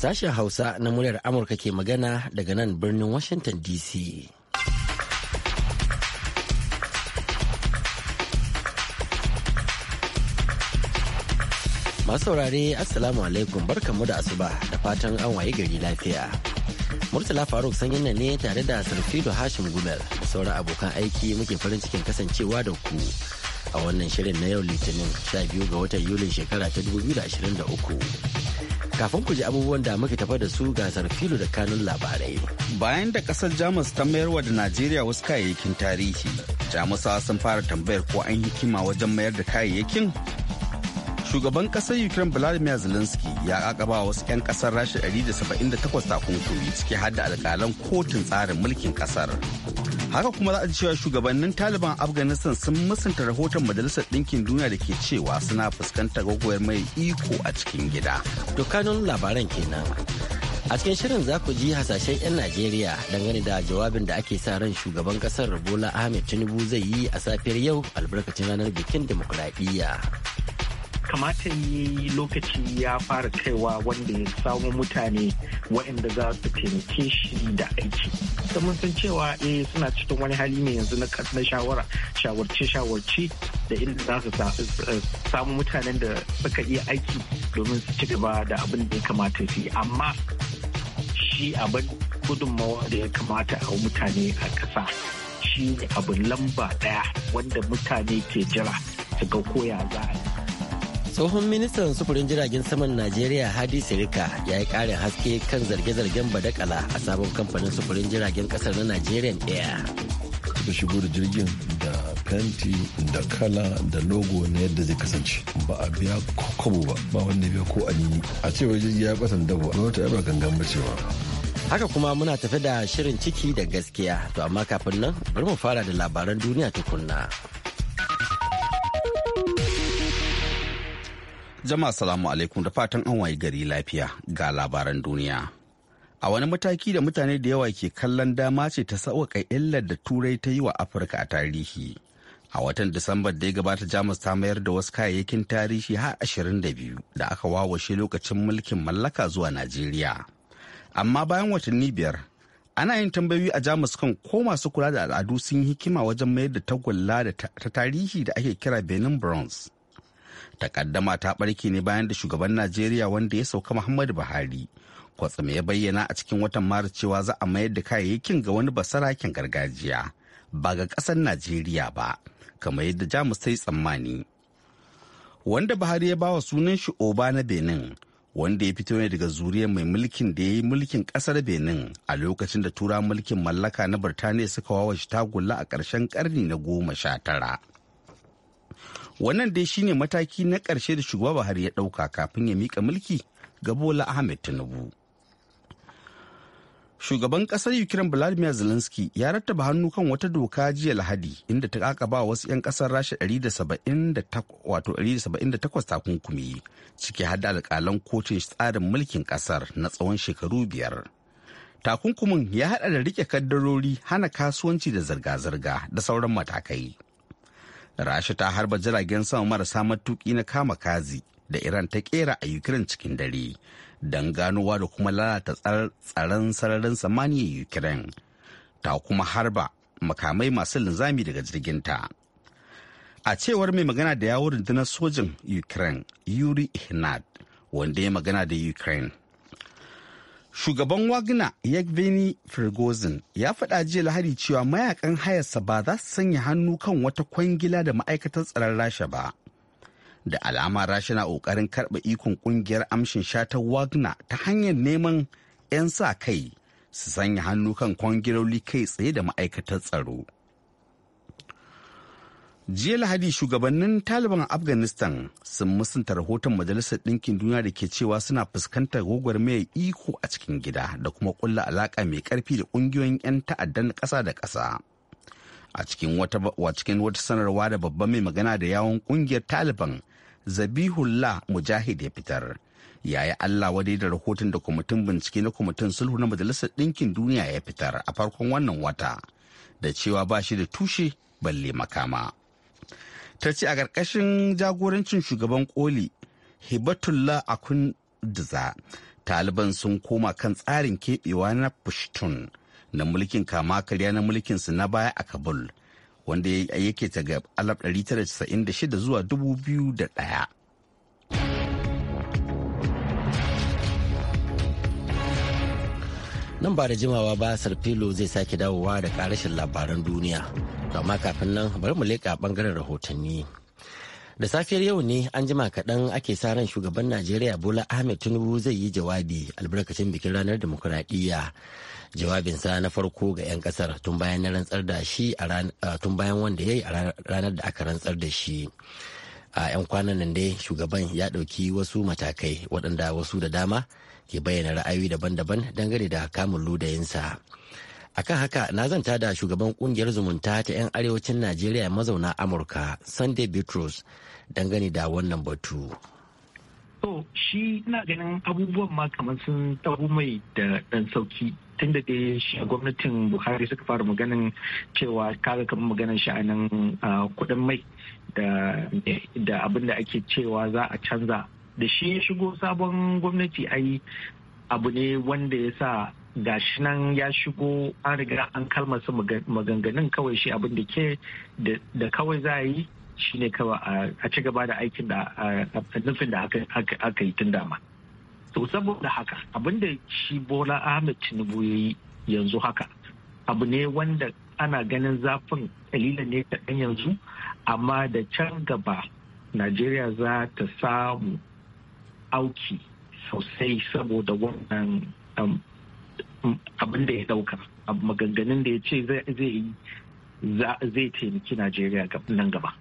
Sashen Hausa na muryar Amurka ke magana daga nan birnin Washington DC. Masu saurare Assalamu alaikum barkamu da asuba da fatan an waye gari lafiya. Murtala Faruk sanyin nan ne tare da Sarfido Hashim Gumel da sauran abokan aiki muke farin cikin kasancewa da ku a wannan shirin na yau Litinin 12 ga watan Yulin shekara ta 2023. Kafin ku ji abubuwan da muke tafa da su gasar filo da kanun labarai. Bayan da kasar Jamus ta mayar wa da Najeriya wasu kayayyakin tarihi, Jamusawa sun fara tambayar ko an hikima wajen mayar da kayayyakin shugaban kasar ukraine vladimir zelensky ya kakaba wasu 'yan kasar rasha 178 takunkumi ciki har da alkalan kotun tsarin mulkin kasar haka kuma za a cewa shugabannin taliban afghanistan sun musanta rahoton majalisar ɗinkin duniya da ke cewa suna fuskantar gwagwayar mai iko a cikin gida dukkanin labaran kenan a cikin shirin za ku ji hasashen 'yan najeriya dangane da jawabin da ake sa ran shugaban kasar bola ahmed tinubu zai yi a safiyar yau albarkacin ranar bikin demokuraɗiyya kamata yi lokaci ya fara kaiwa wanda ya samu mutane waɗanda za su taimake shi da aiki da mun san cewa eh suna cikin wani hali ne yanzu na shawara shawarce shawarci da inda za su eh, samu mutanen da suka iya aiki domin su ci gaba da abin da ya kamata su yi amma shi abin gudunmawa da ya kamata a mutane a ƙasa shi abin lamba ɗaya wanda mutane ke jira su ga koya za a yi tsohon ministan sufurin jiragen saman najeriya hadi sirika ya yi karin haske kan zarge-zargen badakala a sabon kamfanin sufurin jiragen kasar na nigerian air da shigo da jirgin da fenti da kala da logo na yadda zai kasance ba a biya kobo ba ba wanda biya ko anini a cewar jirgi ya kasan dabo wata yaba gangan ba haka kuma muna tafi da shirin ciki da gaskiya to amma kafin nan bari mu fara da labaran duniya tukunna. Jama'a salamu alaikum da fatan an waye gari lafiya ga labaran duniya. A wani mataki da mutane da yawa ke kallon dama ce ta sauƙaƙa illar da turai ta yi wa Afirka a tarihi. A watan Disambar da ya gabata Jamus ta mayar da wasu kayayyakin tarihi har ashirin da biyu da aka wawashe lokacin mulkin mallaka zuwa Najeriya. Amma bayan watanni biyar, ana yin tambayoyi a Jamus kan ko masu kula da al'adu sun yi hikima wajen mayar da tagulla ta tarihi da ake kira Benin Bronze. takaddama ta barke ne bayan da shugaban najeriya wanda ya sauka muhammadu buhari kwatsam ya bayyana a cikin watan maris cewa za a mayar da kayayyakin ga wani basarakin gargajiya ba ga ƙasar najeriya ba kamar yadda jamus ta yi tsammani wanda buhari ya bawa sunan shi oba na benin wanda ya fito ne daga zuriyar mai mulkin da ya yi mulkin kasar benin a lokacin da tura mulkin mallaka na birtaniya suka wawa shi tagulla a ƙarshen ƙarni na goma sha tara wannan dai shine mataki na ƙarshe da shugaba buhari ya ɗauka kafin ya mika mulki ga bola ahmed tinubu shugaban ƙasar ukraine vladimir zelensky ya rattaba hannu kan wata doka jiya lahadi inda ta kakaba wasu 'yan ƙasar rasha 178 takunkumi ciki hada alƙalan kotun tsarin mulkin ƙasar na tsawon shekaru biyar takunkumin ya hada da rike kaddarori hana kasuwanci da zirga-zirga da sauran matakai. rasha ta harba jiragen sama marasa matuki na kama kazi da iran ta kera a ukraine cikin dare don ganowa da kuma lalata tsaron sararin samaniya ukraine ta kuma harba makamai masu linzami daga jirginta a cewar mai magana da yawon rundunar sojin ukraine yuri ihnat wanda ya magana da ukraine Shugaban Wagner Yevgeny Prigozhin ya faɗa jiya lahari cewa mayakan hayarsa ba za su sanya hannu kan wata kwangila da ma'aikatar tsaron Rasha ba. Da alama Rasha na ƙoƙarin karɓa ikon ƙungiyar amshin shatar Wagner ta hanyar neman 'yan sa kai su sanya hannu kan kwangiloli kai tsaye da ma'aikatar tsaro. jiya lahadi shugabannin taliban afghanistan sun musanta rahoton majalisar ɗinkin duniya da ke cewa suna fuskantar gogwar mai iko a cikin gida da kuma ƙulla alaka mai ƙarfi da ƙungiyoyin 'yan ta'addan ƙasa da ƙasa a cikin wata sanarwa da babban mai magana da yawon ƙungiyar taliban zabihullah mujahid ya fitar yayi allah wadai da rahoton da kwamitin bincike na kwamitin sulhu na majalisar ɗinkin duniya ya fitar a farkon wannan wata da cewa ba shi da tushe balle makama ta ce a ƙarƙashin jagorancin shugaban koli hibatullah akun diza taliban sun koma kan tsarin keɓewa na pushtun na mulkin kama karya na mulkinsu na baya a kabul wanda yake ta ga 1996 zuwa 2001 nan ba da jimawa ba sarfilo zai sake dawowa da karashin labaran duniya amma kafin nan bari mu leƙa bangaren rahotanni da safiyar yau ne an jima kaɗan ake sa ran shugaban najeriya bola ahmed tinubu zai yi jawabi albarkacin bikin ranar demokuraɗiyya jawabinsa na farko ga 'yan kasar tun bayan eh, tun bayan wanda ya yi a ranar da aka rantsar da shi a 'yan kwanan nan dai shugaban ya ɗauki wasu matakai waɗanda wasu da dama ke bayyana ra'ayoyi daban-daban dangane da kamun ludayinsa akan haka na zanta da shugaban kungiyar zumunta ta 'yan arewacin najeriya mazauna amurka sunday bitrus dangane da wannan batu to shi ina ganin abubuwan ma kamar sun tabu mai da ɗan sauki tun da dai gwamnatin buhari suka fara maganin cewa kaga kamar maganin sha'anin kudin mai da abin da ake cewa za a canza da shi ya shigo sabon gwamnati ai abu ne wanda ya sa gashi nan ya shigo an riga an kalmasa maganganun kawai shi abin da ke da kawai za a yi shine kawai a ci gaba da aikin da nufin da aka yi tun dama. to saboda haka abinda shi bola ahmed tinubu ya yi yanzu haka abu ne wanda ana ganin zafin kalilan ne kaɗan yanzu amma da can gaba najeriya za ta samu auki sosai saboda wannan um, abin da ya dauka maganganun da ya ce zai taimaki najeriya nan gaba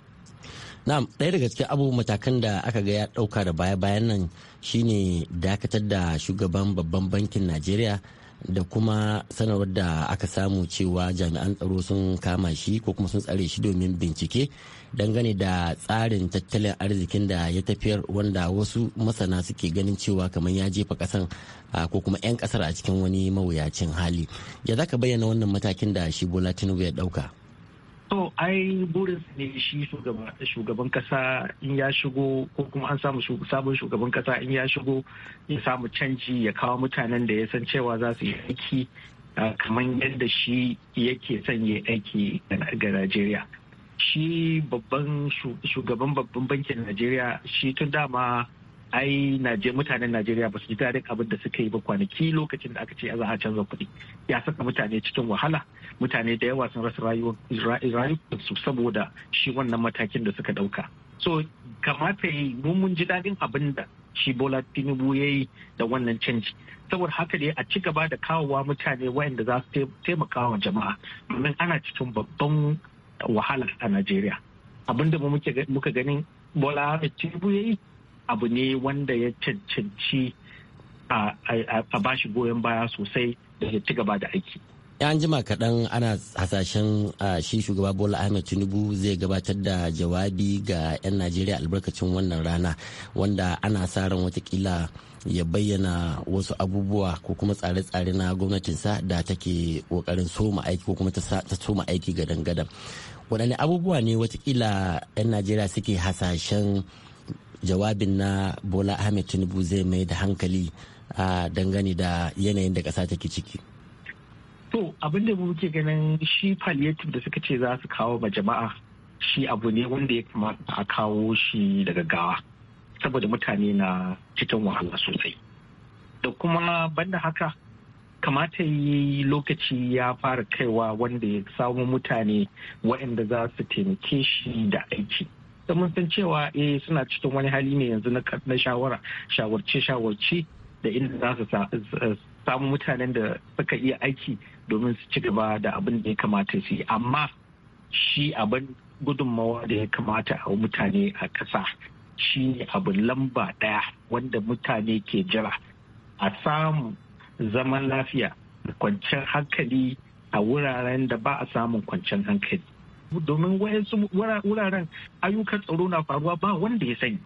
na'am ɗaya daga cikin abu matakan da aka ga ya ɗauka da baya bayan nan shine dakatar da shugaban babban bankin najeriya da kuma sanarwar da aka samu cewa jami'an tsaro sun kama shi ko kuma sun tsare shi domin bincike dangane da tsarin tattalin arzikin da ya tafiyar wanda wasu masana suke ganin cewa kamar ya jefa kasan ko kuma 'yan kasar a cikin wani mawuyacin hali ya zaka bayyana wannan matakin da shi bola tinubu ya dauka to ai burin ne shi shugaban kasa in ya shigo ko kuma an samu sabon shugaban kasa in ya shigo ya samu canji ya kawo mutanen da ya san cewa za su yi aiki kamar yadda shi yake son yi aiki ga najeriya shi babban shugaban babban bankin najeriya shi tun dama ai Najeriya mutanen Najeriya ba su ji daɗin abin da suka yi ba kwanaki lokacin da aka ce za a canza kuɗi ya saka mutane cikin wahala mutane da yawa sun rasa rayuwarsu saboda shi wannan matakin da suka ɗauka so kamata yi mun ji daɗin abin da shi Bola Tinubu ya yi da wannan canji saboda haka ne a ci gaba da kawowa mutane wayanda za su taimaka wa jama'a domin ana cikin babban wahala a Najeriya abin da muka ganin Bola Tinubu ya yi abu ne wanda ya cancanci a bashi goyon baya sosai da ya ci gaba da aiki. an jima kaɗan ana hasashen shi shugaba bola ahmed tinubu zai gabatar da jawabi ga 'yan najeriya albarkacin wannan rana wanda ana sa ran watakila ya bayyana wasu abubuwa ko kuma tsare-tsare na gwamnatinsa da take kokarin soma aiki ko kuma ta soma aiki gadan-gadan waɗanne abubuwa ne watakila 'yan najeriya suke hasashen jawabin na bola ahmed tinubu zai mai da hankali a dangane da yanayin da ƙasa take ciki to abin da muke ganin shi palliative da suka ce za su kawo ma jama'a shi abu ne wanda ya kamata a kawo shi daga gawa saboda mutane na cikin wahala sosai da kuma banda haka kamata yi lokaci ya fara kaiwa wanda ya samu mutane waɗanda za su taimake shi da aiki da mun san cewa eh suna cikin wani hali ne yanzu na shawara shawarce shawarce da inda za su samu mutanen da suka iya aiki domin su ci gaba da abin da ya kamata su yi amma shi abin gudunmawa da ya kamata a mutane a ƙasa shi ne abu lamba ɗaya wanda mutane ke jira a samu zaman lafiya da kwanciyar hankali a wuraren da ba a samun kwanciyar hankali domin wayansu wuraren ayyukan tsaro na faruwa ba wanda ya sani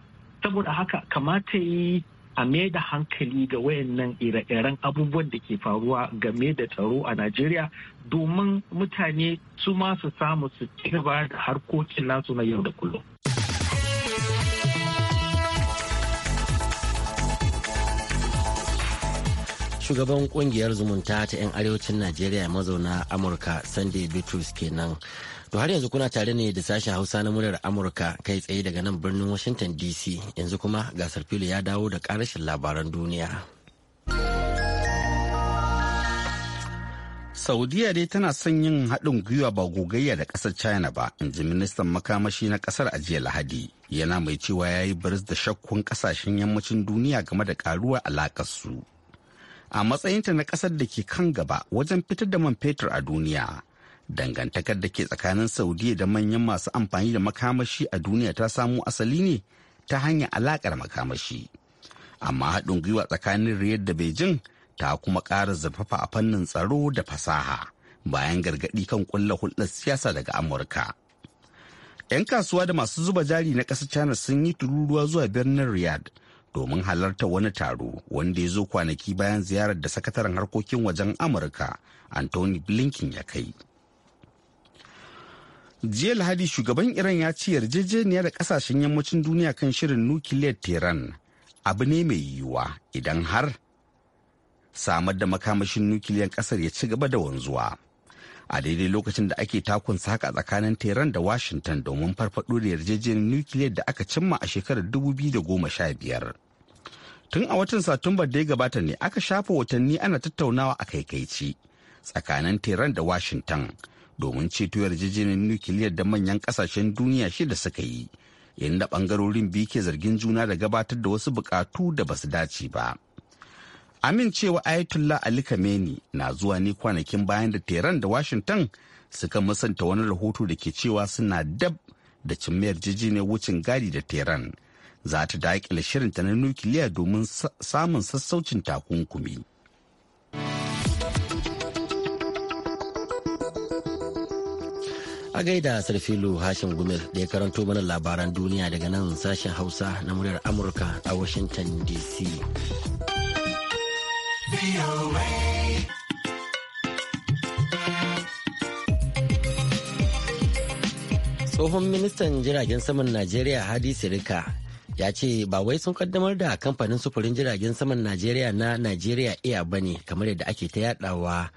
saboda haka kamata yi a mai da hankali ga wayannan ire-iren abubuwan da ke faruwa game da tsaro a Najeriya domin mutane su ma samu su ci da harkokin nasu na yau da kullum. Shugaban kungiyar zumunta ta 'yan arewacin Najeriya mazauna Amurka Sunday Bitrus kenan. To har yanzu kuna tare ne da sashen Hausa na muryar Amurka kai tsaye daga nan birnin Washington DC yanzu kuma gasar filo ya dawo da karashin labaran duniya. Saudiya dai tana son yin haɗin gwiwa ba gogayya da ƙasar China ba, in ji ministan makamashi na ƙasar a jiya Lahadi. Yana mai cewa ya yi baris da shakkun ƙasashen yammacin duniya game da ƙaruwar alaƙarsu. A matsayinta na ƙasar da ke kan gaba wajen fitar da man fetur a duniya, dangantakar da ke tsakanin saudiya da manyan masu amfani da makamashi a duniya ta samo asali ne ta hanyar alakar makamashi amma haɗin gwiwa tsakanin riyad da beijing ta kuma ƙara zafafa a fannin tsaro da fasaha bayan gargaɗi kan ƙulla hulɗar siyasa daga amurka 'yan kasuwa da masu zuba jari na ƙasar china sun yi tururuwa zuwa birnin Riyad domin halarta wani taro wanda ya zo kwanaki bayan ziyarar da sakataren harkokin wajen amurka anthony blinken ya kai jiya lahadi shugaban iran ya ci yarjejeniya da kasashen yammacin duniya kan shirin nukiliyar tehran abu ne mai yiwuwa idan har samar da makamashin nukiliyar kasar ya ci gaba da wanzuwa a daidai lokacin da ake takun saka tsakanin tehran da washington domin farfado da yarjejeniyar nukiliyar da aka cimma a shekarar 2015 tun a watan satumba da ya gabata ne aka shafa watanni ana tattaunawa a kaikaici tsakanin tehran da washington domin ceto yarjejeniyar nukiliyar da manyan kasashen duniya shida suka yi inda bangarorin biyu ke zargin juna da gabatar da wasu bukatu da basu dace ba amincewa ayatollah ali kameni na zuwa ne kwanakin bayan da tehran da washington suka musanta wani rahoto da ke cewa suna dab da cin yarjejeniyar wucin gadi da tehran za ta daƙile shirinta na nukiliya domin samun sassaucin takunkumi A gaida Sarfilu Hashim Gumel da ya karanto mana labaran duniya daga nan sashen Hausa na muryar Amurka a Washington DC. Tsohon ministan jiragen saman Najeriya Hadi Sirika ya ce ba wai sun kaddamar da kamfanin sufurin jiragen saman Najeriya na Najeriya iya bane kamar yadda ake ta yadawa.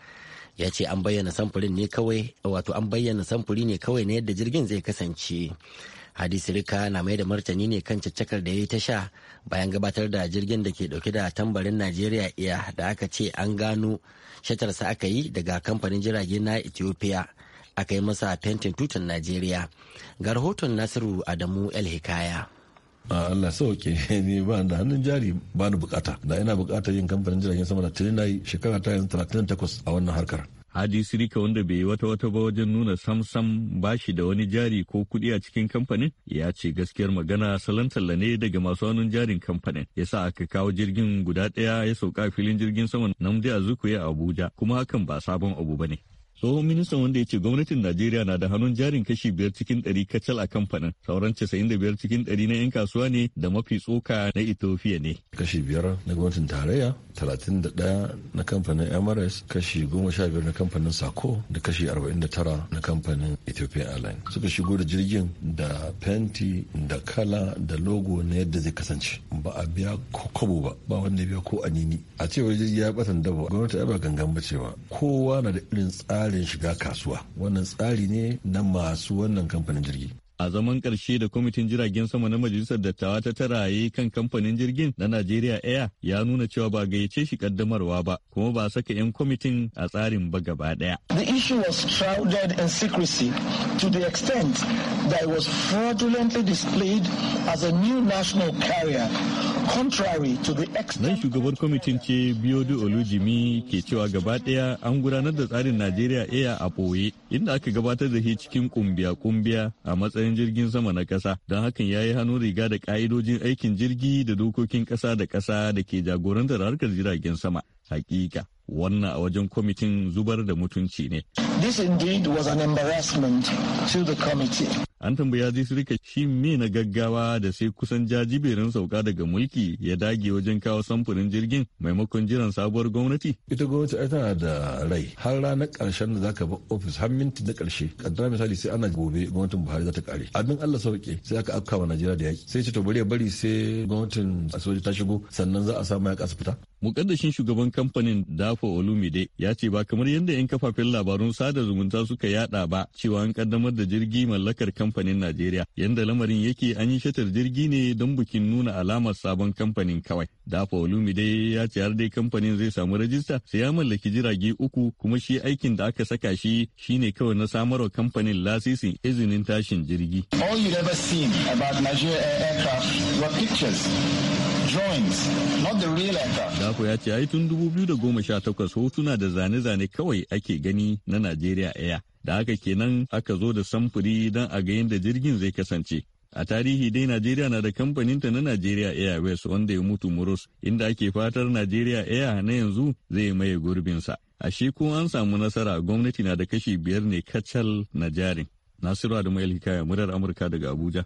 ya ce an bayyana samfurin ne kawai wato an bayyana samfuri ne kawai na yadda jirgin zai kasance hadisi rika na mai da martani ne kan caccakar da ya yi ta bayan gabatar da jirgin da ke dauke da tambarin najeriya iya da aka ce an gano shatarsa aka yi daga kamfanin jirage na ethiopia aka yi masa fentin tutan najeriya ga rahoton nasiru adamu el hikaya Ah, Allah sauke ne ba da hannun jari ba ni bukata da ina bukatar yin kamfanin jiragen sama da tuni nayi shekara ta yanzu 38 a wannan harkar Haji Sirika wanda bai yi wata wata ba wajen nuna samsam bashi da wani jari ko kuɗi a cikin kamfanin ya ce gaskiyar magana salon talla ne daga masu hannun jarin kamfanin ya sa aka kawo jirgin guda ɗaya ya sauka filin jirgin sama Namdi Azuku a Abuja kuma hakan ba sabon abu ba ne. tsohon ministan wanda ya ce gwamnatin najeriya na da hannun jarin kashi biyar cikin ɗari kacal a kamfanin sauran casa'in da biyar cikin ɗari na 'yan kasuwa ne da mafi tsoka na ethiopia ne kashi biyar na gwamnatin tarayya talatin da ɗaya na kamfanin mrs kashi goma sha biyar na kamfanin sako da kashi arba'in da tara na kamfanin ethiopia airlines suka shigo da jirgin da fenti da kala da logo na yadda zai kasance ba a biya ko kobo ba ba wanda ya biya ko anini a cewar jirgi ya batan dabo gwamnati ba gangan ba cewa kowa na da irin tsari tsarin shiga kasuwa wannan tsari ne na masu wannan kamfanin jirgi a zaman ƙarshe da kwamitin jiragen sama na majalisar dattawa ta taraye kan kamfanin jirgin na Najeriya Air ya nuna cewa ba gayyace shi kaddamarwa ba kuma ba saka 'yan kwamitin a tsarin ba gaba ɗaya. The issue was shrouded in secrecy to the extent that it was fraudulently displayed as a new national carrier contrary to the Nan shugabar kwamitin ce Biodu Olujimi ke cewa gaba ɗaya an gudanar da tsarin Najeriya Air a ɓoye inda aka gabatar da shi cikin kumbiya-kumbiya a matsayin matsayin jirgin sama na ƙasa don hakan ya yi hannu riga da ƙa'idojin aikin jirgi da dokokin ƙasa da ƙasa da ke jagorantar harkar jiragen sama. Hakika, wannan a wajen kwamitin zubar da mutunci ne. This indeed was an embarrassment to the committee. An tambaya zai rika shi me na gaggawa da sai kusan jajiberin sauka daga mulki ya dage wajen kawo samfurin jirgin maimakon jiran sabuwar gwamnati. Ita gwamnati ai tana da rai har ranar karshen da zaka bar ofis har minti na karshe. Kaddara misali sai ana gobe gwamnatin Buhari za ta kare. Abin Allah sauke sai aka afka wa Najeriya da yaki. Sai ce to bari ya bari sai gwamnatin soja ta shigo sannan za a samu mayaka su fita. mukaddashin shugaban kamfanin dafo olumide ya ce ba kamar yadda 'yan kafafen labarun sada zumunta suka yada ba cewa an kaddamar da jirgi mallakar kamfanin najeriya yadda lamarin yake an yi shatar jirgi ne don bikin nuna alamar sabon kamfanin kawai dafo olumide ya ce har dai kamfanin zai samu rajista sai ya mallaki jirage uku kuma shi aikin da aka saka shi shine kawai na samar wa kamfanin lasisin izinin tashin jirgi all you ever seen about nigeria aircraft were pictures drawings, not the real tun Dako ya ce goma sha takwas hotuna da zane-zane kawai ake gani na Najeriya Air. Da haka kenan aka zo da samfuri don a ga yadda jirgin zai kasance. A tarihi dai Najeriya na da kamfaninta na Najeriya Airways wanda ya mutu Muros, inda ake fatar Najeriya Air na yanzu zai maye gurbinsa. A shi ko an samu nasara gwamnati na da kashi biyar ne kacal na jarin. Nasiru Adamu Hikaya, murar Amurka daga Abuja,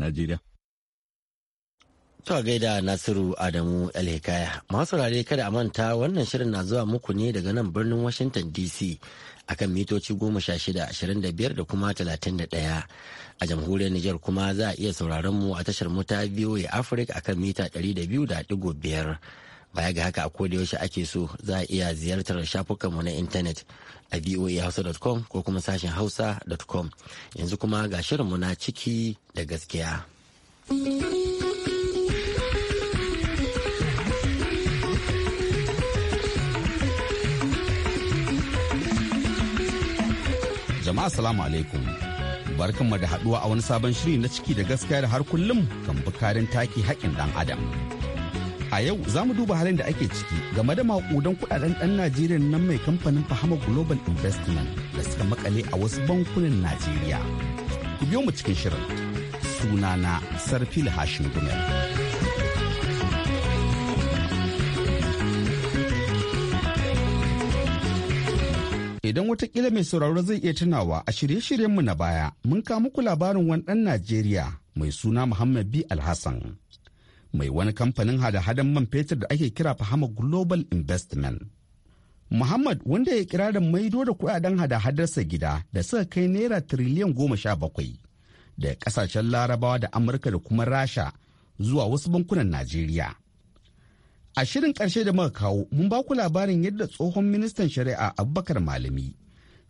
Najeriya. To gaida Nasiru Adamu Alhikaya. Masu rare kada a manta wannan shirin na zuwa muku ne daga nan birnin Washington DC akan mitoci goma sha shida ashirin da biyar da kuma talatin da ɗaya. A jamhuriyar Nijar kuma za a iya sauraron mu a tashar muta VOA Africa akan mita ɗari da biyu da ɗigo biyar. Baya ga haka a koda yaushe ake so za a iya ziyartar shafukanmu na intanet a voahausa.com ko kuma sashen hausa.com. Yanzu kuma ga shirinmu na ciki da gaskiya. jama'a salamu alaikum barkanmu da haduwa a wani sabon shiri na ciki da gaskiya da har kullum kan bukarin taki haƙƙin dan adam a yau za mu duba halin da ake ciki game da maƙudan kudaden ɗan najeriya nan mai kamfanin fahama global investment da suka makale a wasu bankunan najeriya ku biyo mu cikin shirin sunana sarfil hashin gumel Idan watakila mai sauraro zai iya tunawa a shirye-shiryenmu na baya mun kawo muku labarin wani ɗan Najeriya mai suna Muhammad B. Alhassan. Mai wani kamfanin hada-hadan man fetur da ake kira Fahama Global Investment. Muhammad wanda ya kira da maido da kuɗaɗen hada-hadarsa gida da suka kai naira tiriliyan goma sha bakwai da kasashen larabawa da Amurka da kuma Rasha zuwa wasu bankunan Najeriya. A shirin ƙarshe da muka kawo mun ba ku labarin yadda tsohon ministan shari'a Abubakar Malami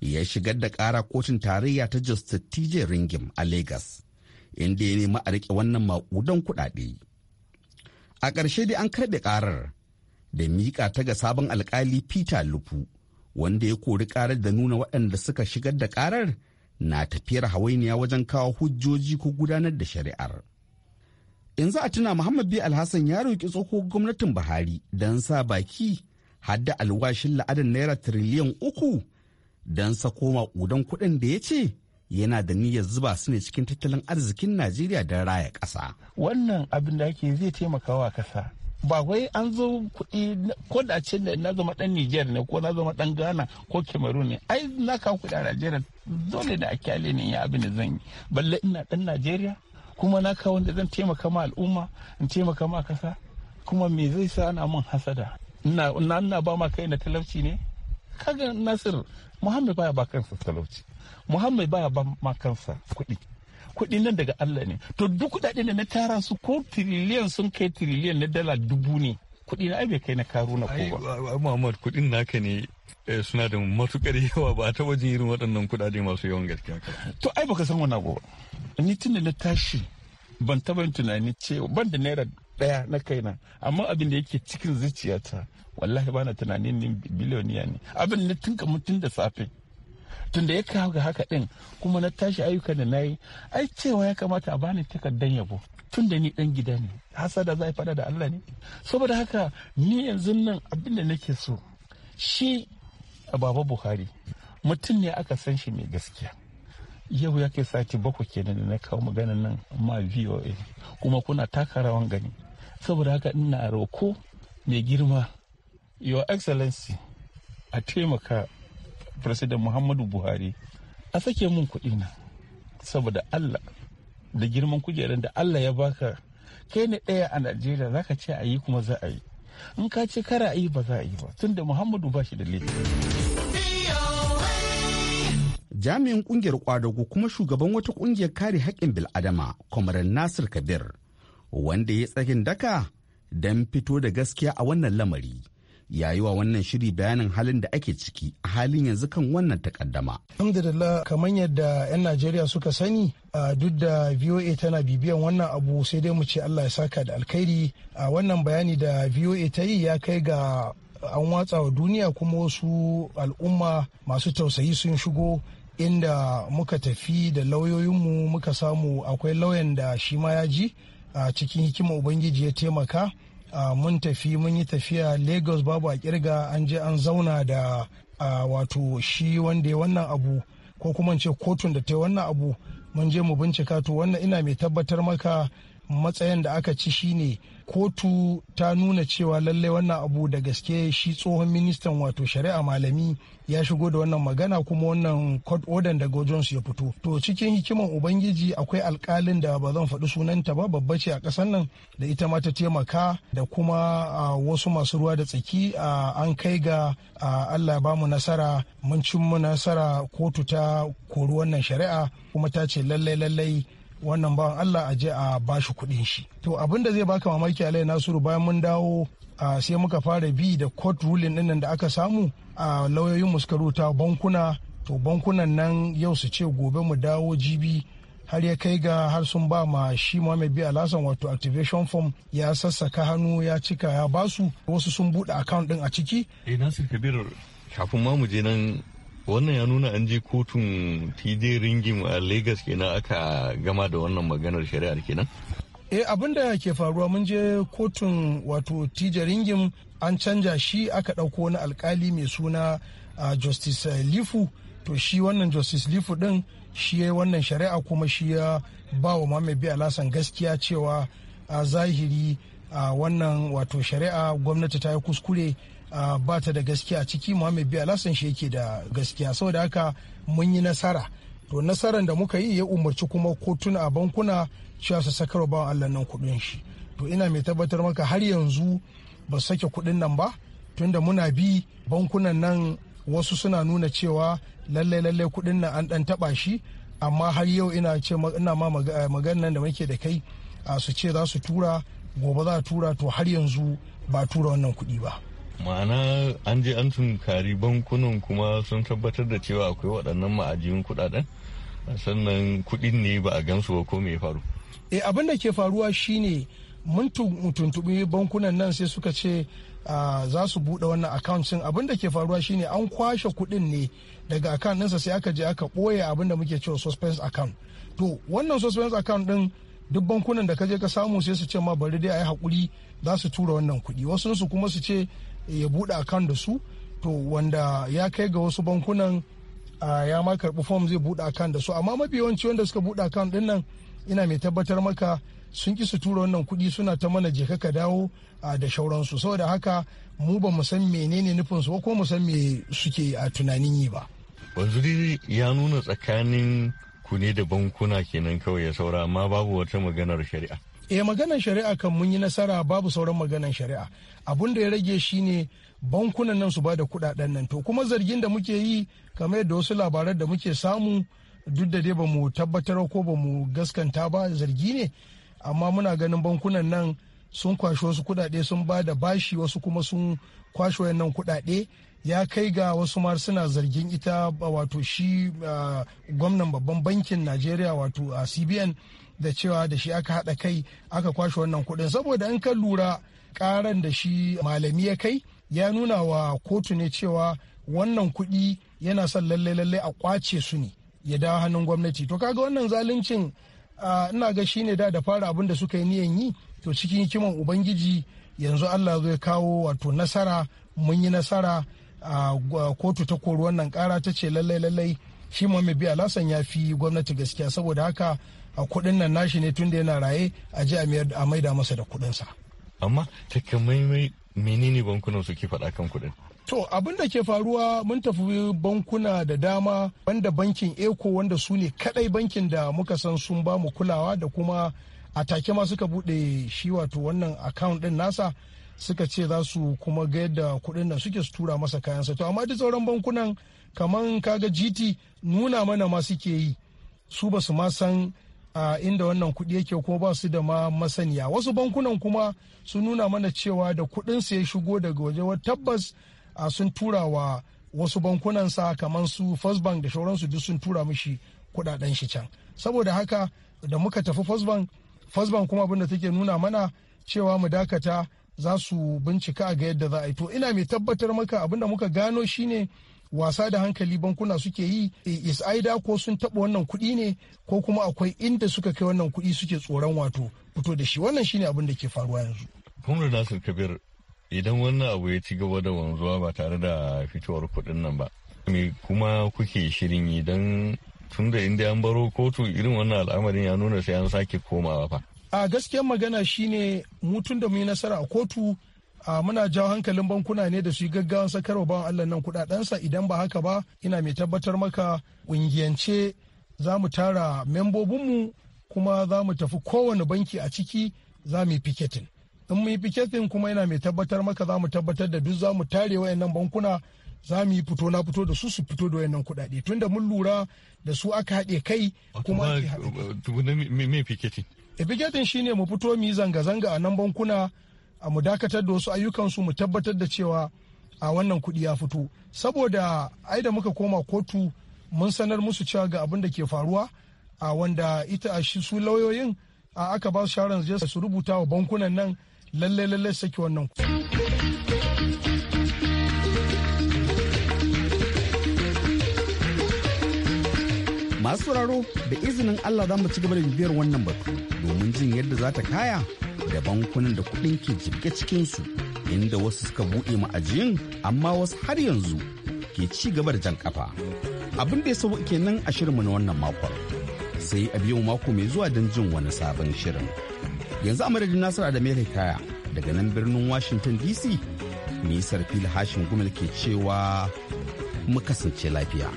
ya shigar da ƙara kotun tarayya ta Justice TJ Ringim a Legas inda ya nemi a riƙe wannan maƙudan kuɗaɗe. A ƙarshe dai an karɓe ƙarar da miƙa ta ga sabon alƙali Peter Lupu wanda ya kori ƙarar da nuna waɗanda suka shigar da ƙarar na tafiyar hawainiya wajen kawo hujjoji ko gudanar da shari'ar. in za a tuna muhammad bai alhassan ya roƙi tsoho gwamnatin buhari don sa baki hadda alwashin la'adar naira tiriliyan uku don sa koma maƙudan kuɗin da ya ce yana da niyyar zuba su ne cikin tattalin arzikin najeriya don raya ƙasa wannan abin da ake zai taimaka wa ƙasa ba wai an zo kuɗi ko da ce na zama ɗan Nijar ne ko na zama ɗan Ghana ko Cameroon ne ai na kawo kuɗi a Najeriya dole da a kyale ne ya abin da zan yi balle ina ɗan Najeriya kuma na kawo wanda zan taimaka ma al'umma in taimaka ma kasa kuma me zai sa ana min hasada ina ina ba ma kai na talauci ne kaga nasir muhammad baya ba kansa talauci muhammad baya ba ma kansa kuɗi kuɗi nan daga allah ne to duk kuɗaɗen da na tara su ko tiriliyan sun kai tiriliyan na dala dubu ne kuɗi na bai kai na karu na ko ba muhammad kuɗin naka ne eh, suna da matukar yawa ba ta wajen irin waɗannan kuɗaɗe masu yawan gaskiya to ai baka san wani abu ni tun da na tashi ban taba yin tunani cewa ban da naira daya na kaina amma abin da yake cikin zuciyata wallahi bana tunanin ne biliyoniya ne abin na tunka mutum da safe tun da ya kawo ga haka din kuma na tashi ayyukan da nayi ai cewa ya kamata a bani takardar yabo tun da ni dan gida ne hasada zai fada da Allah ne saboda haka ni yanzu nan abin da nake so shi a baba Buhari mutum ne aka san shi mai gaskiya yau ya kai sati bakwai kenan da na kawo magana nan ma voa kuma kuna taka rawan gani saboda haka ina roko mai girma your excellency a taimaka president muhammadu buhari a sake mun kuɗi na saboda allah da girman kujerar da allah ya baka kai ne ɗaya a najeriya ka ce a yi kuma za a yi in ka ce kara a yi ba za a yi ba tunda muhammadu ba shi da laifi jami'in kungiyar kwadago kuma shugaban wata kungiyar kare haƙƙin bil'adama kwamarar nasir kabir wanda ya tsakin daka don fito da gaskiya a wannan lamari ya yi wa wannan shiri bayanin halin da ake ciki a halin yanzu kan wannan takaddama. Alhamdulillah kamar yadda 'yan Najeriya suka sani duk da VOA tana bibiyan wannan abu sai dai mu ce Allah ya saka da alkhairi a wannan bayani da VOA ta yi ya kai ga an watsa wa duniya kuma wasu al'umma masu tausayi sun shigo inda muka tafi da lauyoyinmu muka samu akwai lauyan da shi ma ya ji a cikin hikima ubangiji ya taimaka mun tafi mun yi tafiya lagos babu a kirga an je an zauna da wato shi wanda ya wannan abu ko kuma ce kotun da ta wannan abu mun je mu bincika to wannan ina mai tabbatar maka matsayin da aka ci shine kotu ta nuna cewa lallai wannan abu da gaske shi tsohon ministan wato shari'a malami ya shigo da wannan magana kuma wannan court order daga jones ya fito to cikin hikiman ubangiji akwai alkalin da ba zan faɗi sunanta ba babba ce a ƙasar nan da ita ma ta taimaka da kuma wasu masu ruwa da tsaki an kai ga allah ba mu nasara mun cin mu nasara kotu ta kori wannan shari'a kuma ta ce lallai lallai wannan bawan Allah a je a bashi kuɗin shi to abin da zai baka mamaki alai nasiru bayan mun dawo sai muka fara bi da court ruling ɗin da aka samu a lauyoyin mu suka bankuna to bankunan nan yau su ce gobe mu dawo jibi har ya kai ga har sun ba ma shi Muhammad bi Alhassan wato activation form ya sassaka hannu ya cika ya basu wasu sun buɗe account ɗin a ciki. Eh Nasir Kabir kafin ma mu je nan wannan ya nuna an je kotun tj ringim a lagos kenan aka gama da wannan maganar shari'ar kenan eh abin da ke faruwa mun je kotun wato tj ringim an canja shi aka ɗauko wani alkali mai suna ah, justice eh, lifu to shi wannan justice lifu din shi ya wannan shari'a kuma shi ya ba wa mohammed bi alasan gaskiya cewa a ah, zahiri a ah, wannan wato shari'a gwamnati ta yi kuskure ba ta da gaskiya ciki muhammed biya lasan shi yake da gaskiya saboda haka mun yi nasara to nasaran da muka yi ya umarci kuma kotuna a bankuna cewa su sakar ba allah nan kuɗin shi to ina mai tabbatar maka har yanzu ba su sake kuɗin nan ba tunda muna bi bankunan nan wasu suna nuna cewa lallai lallai kuɗin nan an ɗan taɓa shi amma har yau ina ce ina ma eh, maganan da muke da kai su ce za su tura gobe za a tura to har yanzu ba tura wannan kuɗi ba. ma'ana an je an tunkari bankunan kuma sun tabbatar da cewa akwai waɗannan ma'ajiyun kuɗaɗen sannan kuɗin ne ba a gansu ba ko mai faru e abin da ke faruwa shine mun tuntuɓi bankunan nan sai suka ce ah, za su buɗe wannan account din abin da ke faruwa shine an kwashe kuɗin ne daga account ɗinsa sai aka je aka ɓoye abin da muke cewa suspense account to wannan suspense account ɗin duk bankunan da ka je ka samu sai su ce ma bari dai a yi hakuri za su tura wannan kuɗi wasu su kuma su ce ya buɗe akan da su to wanda ya kai ga wasu bankunan ya ma karɓi fom zai buɗe akan da su amma mafi yawanci wanda suka buɗe akan ɗin nan ina mai tabbatar maka sun ki su tura wannan kuɗi suna ta mana je ka dawo da shauransu saboda haka mu ba mu san menene nufin su ba ko mu san me suke a tunanin yi ba yanzu ya nuna tsakanin ku ne da bankuna kenan kawai ya saura amma babu wata maganar shari'a eh maganan shari'a kan mun yi nasara babu sauran maganan shari'a abun da ya rage shi ne bankunan nan su ba da kudaden nan to kuma zargin da muke yi kamar yadda wasu labaran da muke samu duk da dai ba mu tabbatar ko bamu gaskanta ba zargi ne amma muna ganin bankunan nan sun kwashe wasu kudade sun ba da bashi wasu kuma sun kwashe wayannan kudade ya kai ga wasu ma suna zargin ita wato shi ah, gwamnan babban bankin najeriya wato ah, cbn da cewa da shi aka haɗa kai aka kwashe wannan kuɗin saboda in ka lura ƙaran da shi malami ya kai ya nuna wa kotu ne cewa wannan kuɗi yana son lalle-lalle a kwace su ne ya dawo hannun gwamnati to kaga wannan zaluncin ina ga shi ne da da fara abin da suka yi niyan yi to cikin hikiman ubangiji yanzu allah zai kawo wato nasara mun yi nasara a kotu ta koru wannan kara ta ce lallai lallai shi mai bi alasan ya fi gwamnati gaskiya saboda haka a kuɗin nan nashi ne tun da yana raye a je a maida masa da sa. amma takamaimai menene bankunan suke faɗa kan kuɗin To abin da ke faruwa mun tafi bankuna da dama wanda bankin Eco wanda su ne kadai bankin da muka san sun ba mu kulawa da kuma a take ma suka bude shi wato wannan account din nasa suka ce za su kuma ga yadda kuɗin nan suke su tura masa kayansa to amma duk sauran bankunan kaman kaga GT nuna mana ma suke yi su ba su ma san a inda wannan kuɗi yake kuma ba su da ma masaniya wasu bankunan kuma sun nuna mana cewa da kuɗin su ya shigo daga waje tabbas a sun tura wa wasu bankunan sa kamar su first bank da sauransu duk sun tura mishi kuɗaɗen shi can saboda haka da muka tafi first bank first bank kuma abin take nuna mana cewa mu dakata za su bincika ga yadda za a yi to ina mai tabbatar maka abin da muka gano shine wasa da hankali bankuna suke yi is ko sun taɓa wannan kuɗi ne ko kuma akwai inda suka kai wannan kuɗi suke tsoron wato fito da shi wannan shine abin da ke faruwa yanzu. Kumru Nasir Kabir idan wannan abu ya ci gaba da wanzuwa ba tare da fitowar kuɗin nan ba. Me kuma kuke shirin idan tun da inda an baro kotu irin wannan al'amarin ya nuna sai an sake komawa fa. A gaskiyar magana shine mutun da mu yi nasara a kotu muna jawo hankalin bankuna ne da su yi gaggawan sakarwa bawan allah nan kudadensa idan ba haka ba ina mai tabbatar maka ƙungiyance za mu tara membobinmu kuma za mu tafi kowane banki a ciki za mu yi piketin in mu yi piketin kuma ina mai tabbatar maka za mu tabbatar da duk za mu tare wayannan bankuna za mu yi fito na fito da su su fito da wayannan kuɗaɗe tunda mun lura da su aka haɗe kai kuma me piketin e eh, piketin shine mu fito mu yi zanga-zanga a nan bankuna a mu dakatar da wasu ayyukansu mu tabbatar da cewa a wannan kuɗi ya fito saboda ai da muka koma kotu mun sanar musu cewa ga abin da ke faruwa a wanda ita a shi su lauyoyin a aka ba su sharan su rubuta wa bankunan nan lalle lalle saki wannan masu sauraro da izinin Allah za mu ci gaba da bibiyar wannan batu domin jin yadda za ta kaya da bankunan da kuɗin ke jirge cikinsu inda wasu suka buɗe ma'ajiyin amma wasu har yanzu ke ci gaba da jan kafa abin da ya sauwa nan a shirinmu na wannan makon sai a biyu mako mai zuwa don jin wani sabon shirin yanzu a madadin nasara da mai kaya daga nan birnin washington dc nisar fil hashin gumel ke cewa mu kasance lafiya.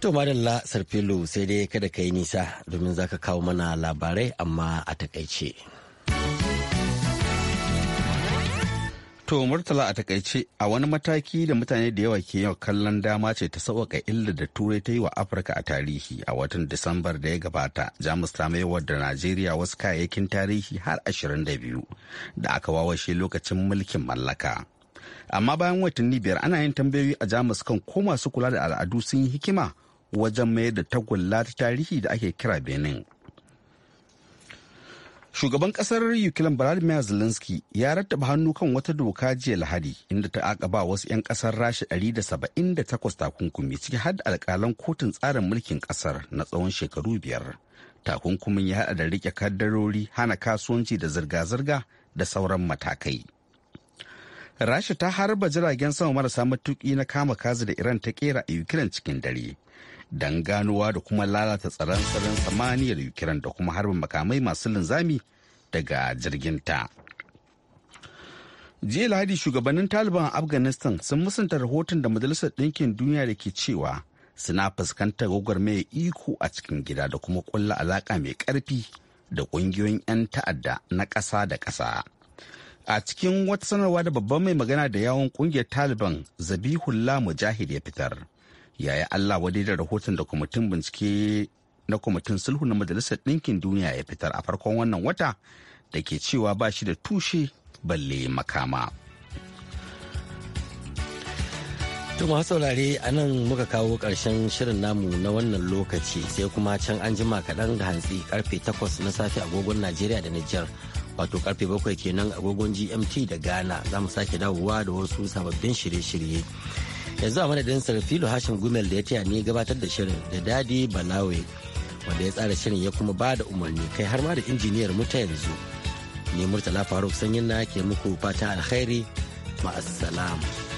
To madalla Sarfilu sai dai kada ka yi nisa domin za ka kawo mana labarai amma a takaice. To Murtala a takaice a wani mataki da mutane da yawa ke yau kallon dama ce ta sauƙaƙa illar da turai ta yi wa Afirka a tarihi a watan Disambar da ya gabata Jamus ta maiwar da Najeriya wasu kayayyakin tarihi har 22 da aka wawashe lokacin mulkin mallaka. Amma bayan watanni biyar ana yin tambayoyi a Jamus kan ko masu kula da al'adu sun yi hikima wajen mayar da tagulla ta tarihi da ake kira benin shugaban kasar ukraine vladimir zelensky ya rattaba hannu kan wata doka jiya lahadi inda ta akaba wasu 'yan kasar rasha 178 takunkumi ciki har da alkalan kotun tsarin mulkin kasar na tsawon shekaru biyar takunkumin ya hada da rike kaddarori hana kasuwanci da zirga-zirga da sauran matakai rasha ta harba jiragen sama marasa matuki na kama kazi da iran ta kera a ukraine cikin dare don ganowa da kuma lalata tsaron tsaron samaniyar Ukraine da kuma harbin makamai masu linzami daga jirginta. jiya lahadi shugabannin taliban a afghanistan sun musanta rahoton da majalisar ɗinkin duniya da ke cewa suna fuskantar gwagwarmayar iko a cikin gida da kuma ƙulla alaƙa mai ƙarfi da ƙungiyoyin 'yan ta'adda na ƙasa da ƙasa a cikin wata sanarwa da babban mai magana da yawon ƙungiyar taliban zabihullah mujahid ya fitar yaya Allah wadai da rahoton da kwamitin bincike na kwamitin sulhu na majalisar ɗinkin duniya ya fitar a farkon wannan wata da ke cewa ba shi da tushe balle makama. Tuma saurare a nan muka kawo ƙarshen shirin namu na wannan lokaci sai kuma can an jima kaɗan da hantsi karfe 8 na safe agogon Najeriya da Nijar wato karfe bakwai kenan agogon GMT da Ghana za mu sake dawowa da wasu sababbin shirye-shirye. yanzu a madadin sarfilo hashim gumel da ya taya ni gabatar da shirin da dadi balawe wanda ya tsara shirin ya kuma bada umarni kai har ma da injiniyar mu ta yanzu ni murtala faruk sanyin na ke muku fata alkhairi ma'assalam.